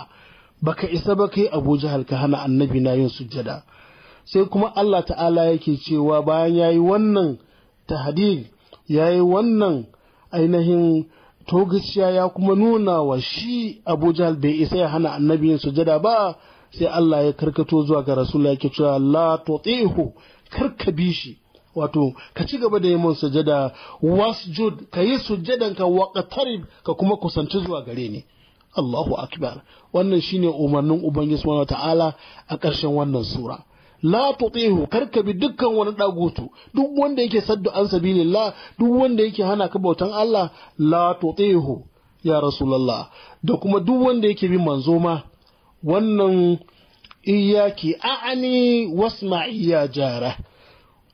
baka isa ba kai abu jahal ka hana annabi na yin sujjada sai kuma Allah ta'ala yake cewa bayan yayi wannan tahdid yayi wannan ainihin togaciya ya kuma nuna wa shi abu jahal bai isa ya hana annabi yin sujjada ba sai Allah ya karkato zuwa ga rasulullah yake cewa la tutihu karka bi shi wato ka ci gaba da yi min sujada wasjud ka yi sujadan ka waqtarib ka kuma kusanci zuwa gare ni Allahu akbar wannan shine umarnin ubangiji subhanahu ta'ala a ƙarshen wannan sura la tutihu karka bi dukkan wani dagutu duk wanda yake saddu an sabilillah duk wanda yake hana ka bautan Allah la tutihu ya rasulullah da kuma duk wanda yake bi manzo ma wannan iyyaki a'ani wasma'i ya jara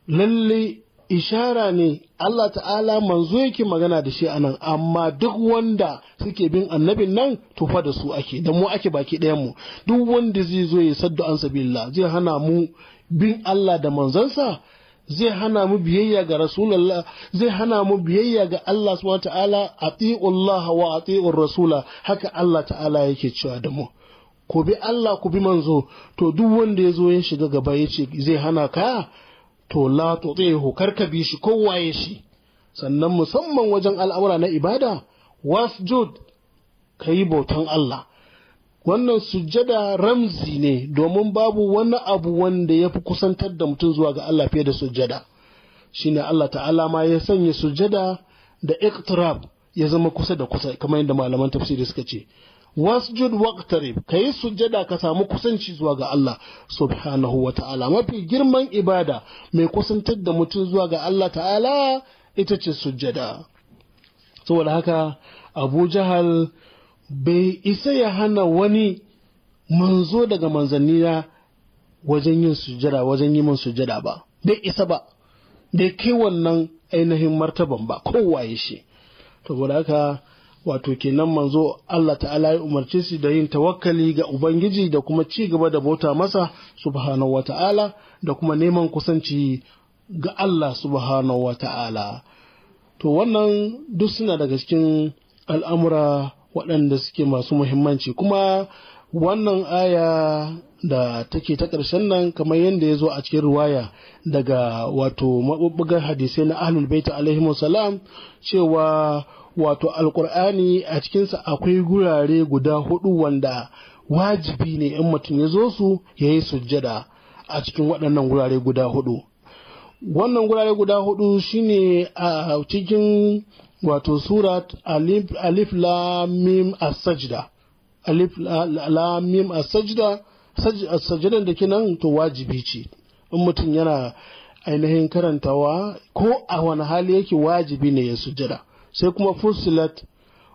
lalle ishara ne Allah ta'ala manzo yake magana da shi anan amma duk wanda suke bin annabin nan tufa da su ake da mu ake baki ɗayan mu duk wanda zai zo ya saddu an sabilillah zai hana mu bin Allah da manzansa zai hana mu biyayya ga rasulullah zai hana mu biyayya ga Allah subhanahu ta'ala Allah wa ati'ur rasula haka Allah ta'ala yake cewa da mu ku bi Allah ku bi manzo to duk wanda ya zo ya shiga gaba yace zai hana ka to la tuti'hu ka bi shi kowaye shi sannan musamman wajen al'amura na ibada wasjud kayi bautan Allah wannan sujjada ramzi ne domin babu wani abu wanda ya fi kusantar da mutum zuwa ga Allah fiye da sujjada ne Allah ta'ala ma ya sanya sujjada da iqtirab ya zama kusa da kusa kamar yadda malaman tafsiri suka ce wasjud waqtarib kayi sujjada ka samu kusanci zuwa ga Allah subhanahu wa ta'ala mafi girman ibada mai kusantar da mutum zuwa ga Allah ta'ala ita ce sujjada saboda haka Abu Jahal bai isa ya hana wani manzo daga manzannina wajen yin sujjada wajen yi min sujjada ba bai isa ba bai kai wannan ainihin martaban ba ya shi saboda haka wato kenan manzo Allah ta'ala ya umarce su da yin tawakkali ga ubangiji da kuma ci gaba da bauta masa subhanahu wa ta'ala da kuma neman kusanci ga Allah subhanahu wa ta'ala to wannan duk suna daga cikin al'amura waɗanda suke masu muhimmanci kuma wannan aya da take ta ƙarshen nan kamar yadda ya zo a cikin ruwaya daga wato maɓuɓɓugar hadisai na ahlul baita alaihimu salam cewa wato alkur'ani a cikinsa akwai gurare guda hudu wanda wajibi ne in mutum ya zo su ya yi sujjada a cikin waɗannan gurare guda hudu wannan gurare guda hudu shine a cikin wato surat alif, lamim as-sajda alif lamim as-sajda Sajjadan da kinan to wajibi ce in mutum yana ainihin karantawa ko a wani hali yake wajibi ne ya sujjada sai kuma fusilat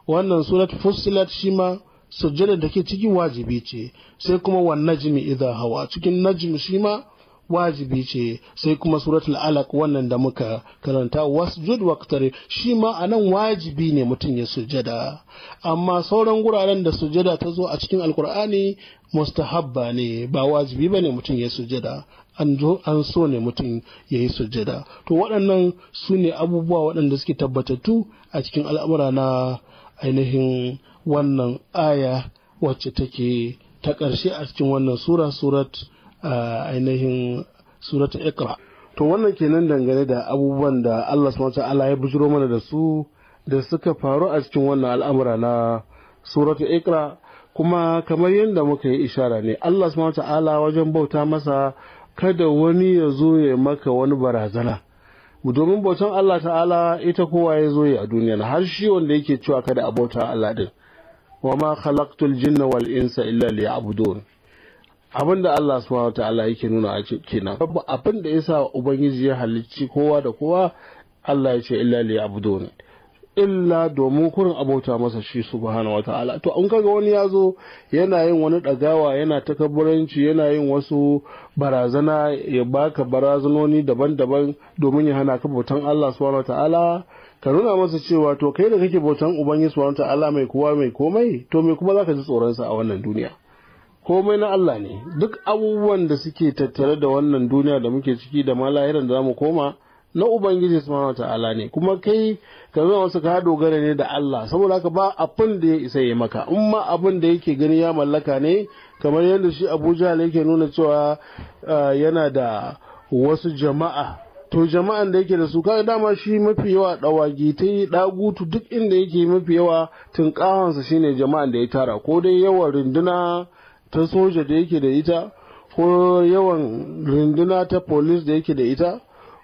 wannan surat fusilat shi ma sujjada da ke cikin wajibi ce sai kuma wan najmi idan hawa cikin najmi shi ma wajibi ce sai kuma surat alaq wannan da muka karanta wasjud waqtari shi ma anan wajibi ne mutum ya sujjada amma sauran guraren da sujjada ta zo a cikin alkur'ani mustahabba ne ba wajibi bane mutum ya sujjada. an so ne mutum ya yi sujjada to waɗannan su ne abubuwa waɗanda suke tabbatattu a cikin al'amura na ainihin wannan aya wacce take ta ƙarshe a cikin wannan sura surat ainihin surat ikra to wannan kenan dangane da abubuwan da Allah subhanahu ta'ala ya bujuro mana da su da suka faru a cikin wannan al'amura na surat ikra kuma kamar yadda muka yi ishara ne Allah subhanahu ta'ala wajen bauta masa kada wani ya zo ya maka wani barazana domin bautan Allah ta'ala ita kowa ya zo ya a duniya har shi wanda yake cewa kada a bauta Allah din wa ma khalaqtul jinna wal insa illa liya'budun abinda Allah subhanahu ta'ala yake nuna a kenan babu abin da yasa ubangiji ya halicci kowa da kowa Allah ya ce illa liya'budun illa domin kurin abota masa shi subhanahu wata'ala to an kaga wani ya zo yana yin wani ɗagawa yana takabburanci yana yin wasu barazana ya baka barazanoni daban-daban domin ya hana ka bautan Allah subhanahu wata'ala ka nuna masa cewa to kai da kake bautan ubangiji subhanahu wata'ala mai kowa mai komai to me kuma zaka ji tsoron sa a wannan duniya komai na Allah ne duk abubuwan da suke tattare da wannan duniya da muke ciki da ma lahiran da zamu koma na ubangiji subhanahu ta'ala ne kuma kai ka zama wasu ka dogara ne da Allah saboda haka ba abin da ya isa ya maka in ma abin da yake gani ya mallaka ne kamar yadda shi Abu Jahl yake nuna cewa uh, yana da wasu jama'a to jama'an da yake da su kaga dama shi mafi yawa dawagi ta yi dagutu duk inda yake mafi yawa shi shine jama'an da ya tara ko dai yawan runduna ta soja da yake da ita ko yawan runduna ta polis da yake da ita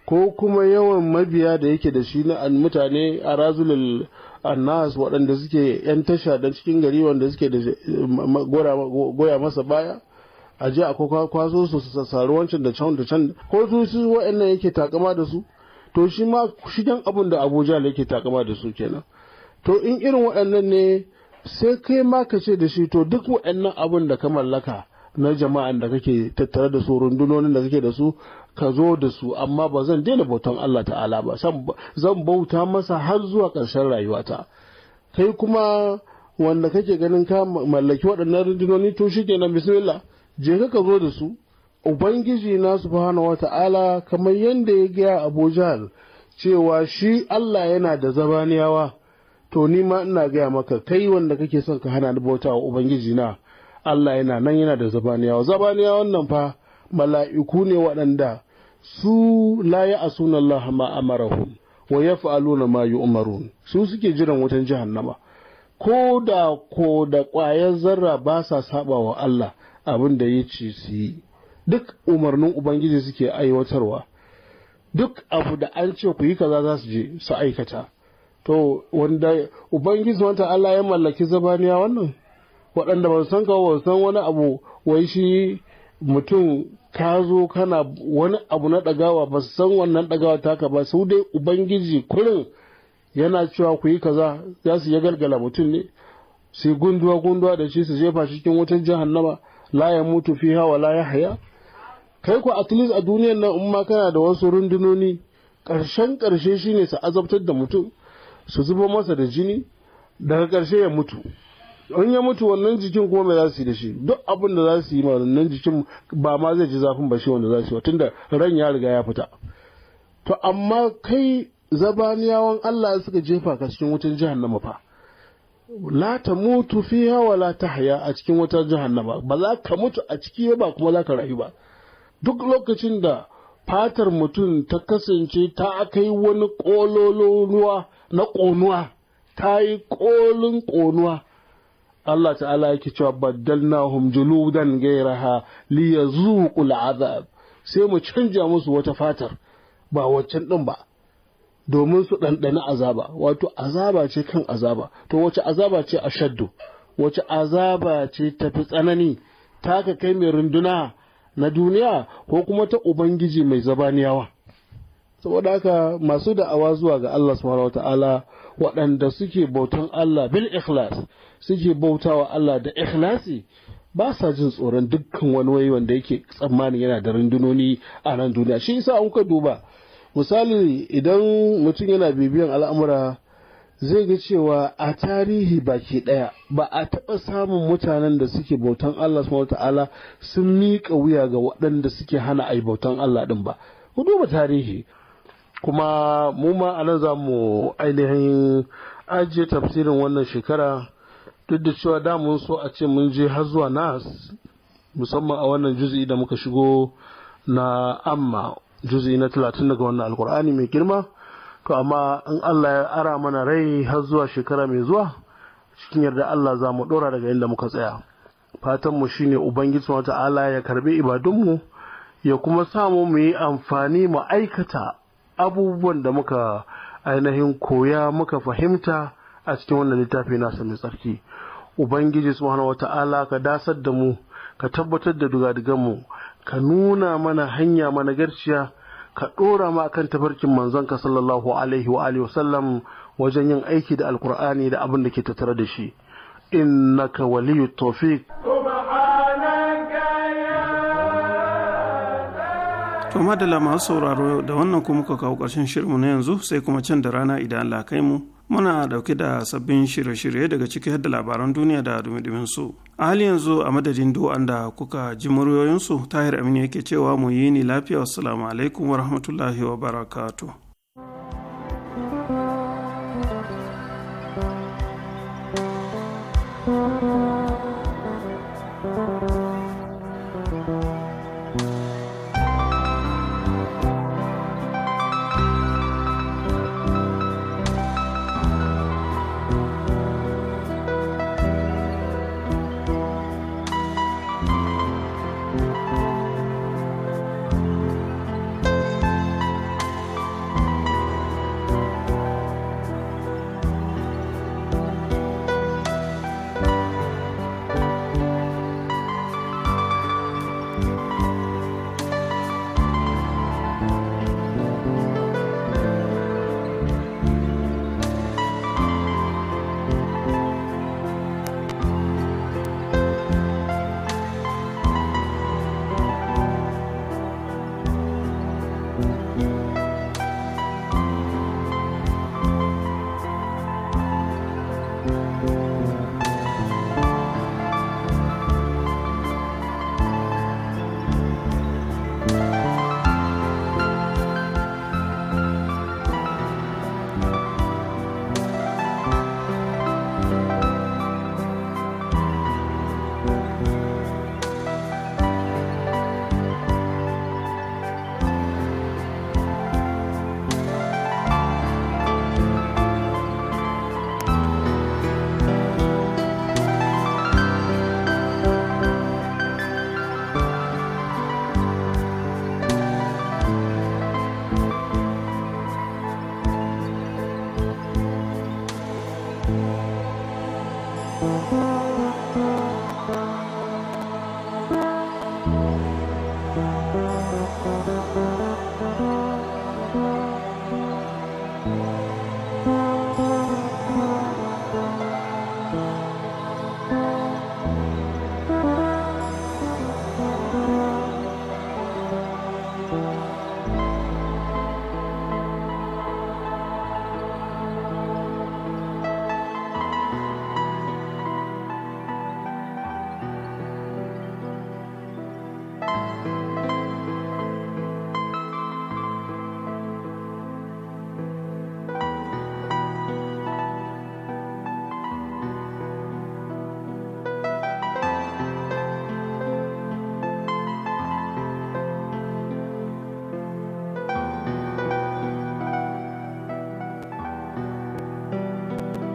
ko kuma yawan mabiya da yake da shi na mutane a razulul annas waɗanda suke 'yan tasha da cikin gari wanda suke da goya masa baya a ji a kwaso su sassaru wancan da can da can ko su su wa'annan yake takama da su to shi ma dan abin da abuja yake takama da su kenan to in irin waɗannan ne sai kai ma ka ce da shi to duk waɗannan abun da ka mallaka na jama'an da kake tattare da su rundunonin da kake da su ka zo da su amma ba zan daina bautan Allah ta'ala ba zan bauta masa har zuwa ƙarshen rayuwata kai kuma wanda kake ganin ka mallaki waɗannan rundunoni to shi kenan bismillah je ka ka zo da su ubangiji na subhanahu wata'ala kamar yadda ya gaya abu cewa shi Allah yana da zabaniyawa to ni ma ina gaya maka kai wanda kake son ka hana bauta wa ubangiji na Allah yana nan yana da zabaniyawa zabaniyawan nan fa mala'iku ne waɗanda su la a sunan Allah ma amarahum wa alona ma umarun su suke jiran wutan jahannama ko da ko da ƙwayar zarra ba sa saba wa Allah abin da ya ce su yi duk umarnin ubangiji suke aiwatarwa duk abu da an ce ku yi kaza za su je su aikata to wanda ubangiji wanta Allah ya mallaki zabaniya wannan waɗanda ba san kawo san wani abu wai shi mutum ka zo kana wani abu na ɗagawa ba su san wannan ɗagawa taka ba su dai ubangiji kurin yana cewa ku yi kaza za su ya galgala mutum ne sai gunduwa gunduwa da shi su jefa shi cikin wutar jihar la ya mutu fi hawa la haya kai ku at a duniyar nan in ma kana da wasu rundunoni ƙarshen ƙarshe shine su azabtar da mutum su zuba masa da jini daga ƙarshe ya mutu an ya mutu wannan jikin kuma mai za su yi da shi duk abin da za su yi ma wannan jikin ba ma zai ji zafin ba shi wanda za su yi tunda ran ya riga ya fita to amma kai zabaniyawan Allah suka jefa ka cikin wutar jahannama fa la ta mutu fiha wala la tahya a cikin wutar jahannama ba za ka mutu a ciki ba kuma za ka rayu ba duk lokacin da fatar mutum ta kasance ta kai wani kololo ruwa na ƙonuwa ta yi ƙolin ƙonuwa Allah ta'ala yake cewa baddalnahum juludan gairaha liyazuqu azab sai mu canja musu wata fatar ba waccan din ba domin su ɗanɗani azaba wato azaba ce kan azaba to wace azaba ce a shaddu wace azaba ce tafi tsanani taka kai mai runduna na duniya ko kuma ta ubangiji mai zabaniyawa saboda haka masu da'awa zuwa ga Allah subhanahu wata'ala waɗanda suke bautan Allah bil ikhlas suke bautawa Allah da ikhlasi ba sa jin tsoron dukkan wani wai wanda yake tsammanin yana da rundunoni a nan duniya shi yasa an ka duba misali idan mutum yana bibiyan al'amura zai ga cewa a tarihi baki ɗaya ba a taɓa samun mutanen da suke bautan Allah subhanahu ta'ala sun miƙa wuya ga waɗanda suke hana ai bautan Allah ɗin ba ku duba tarihi kuma mu ma a nan za mu ainihin ajiye tafsirin wannan shekara duk da cewa da mun so a ce mun je har zuwa nas musamman a wannan juzi da muka shigo na amma juzi na talatin daga wannan alkur'ani mai girma to amma in allah ya ara mana rai har zuwa shekara mai zuwa cikin yarda allah za mu dora daga inda muka tsaya fatanmu shine ubangiji wa ta'ala ya karbi ibadunmu ya kuma samu mu yi amfani mu aikata abubuwan da muka ainihin koya muka fahimta a cikin wannan littafi nasa mai tsarki ubangiji subhanahu wata'ala ka dasar da mu ka tabbatar da dugadigan mu ka nuna mana hanya mana garciya ka ɗora ma kan tafarkin manzon ka sallallahu alaihi wa alihi wasallam wajen yin aiki da alkur'ani da abin da ke tattare da shi innaka waliyut tawfiq To da masu sauraro da wannan kuma muka kawo ƙarshen shirinmu na yanzu sai kuma can da rana idan Allah kai mu muna dauke da sabbin shirye-shirye daga ciki da labaran duniya da dumi su. A hali yanzu a madadin an da kuka ji muryoyinsu tahir aminu yake cewa mu yi ni lafiya wassalamu alaikum wa rahmatullahi wa barakatu